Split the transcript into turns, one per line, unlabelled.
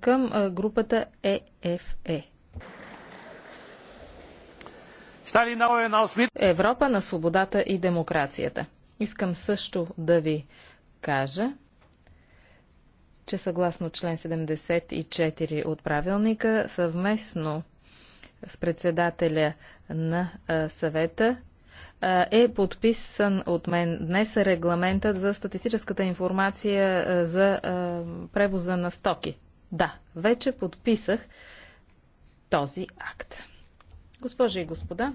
към групата ЕФЕ. Е. Европа на свободата и демокрацията. Искам също да ви кажа, че съгласно член 74 от правилника, съвместно с председателя на съвета е подписан от мен днес регламентът за статистическата информация за превоза на стоки. Да, вече подписах този акт.
Госпожи и
господа,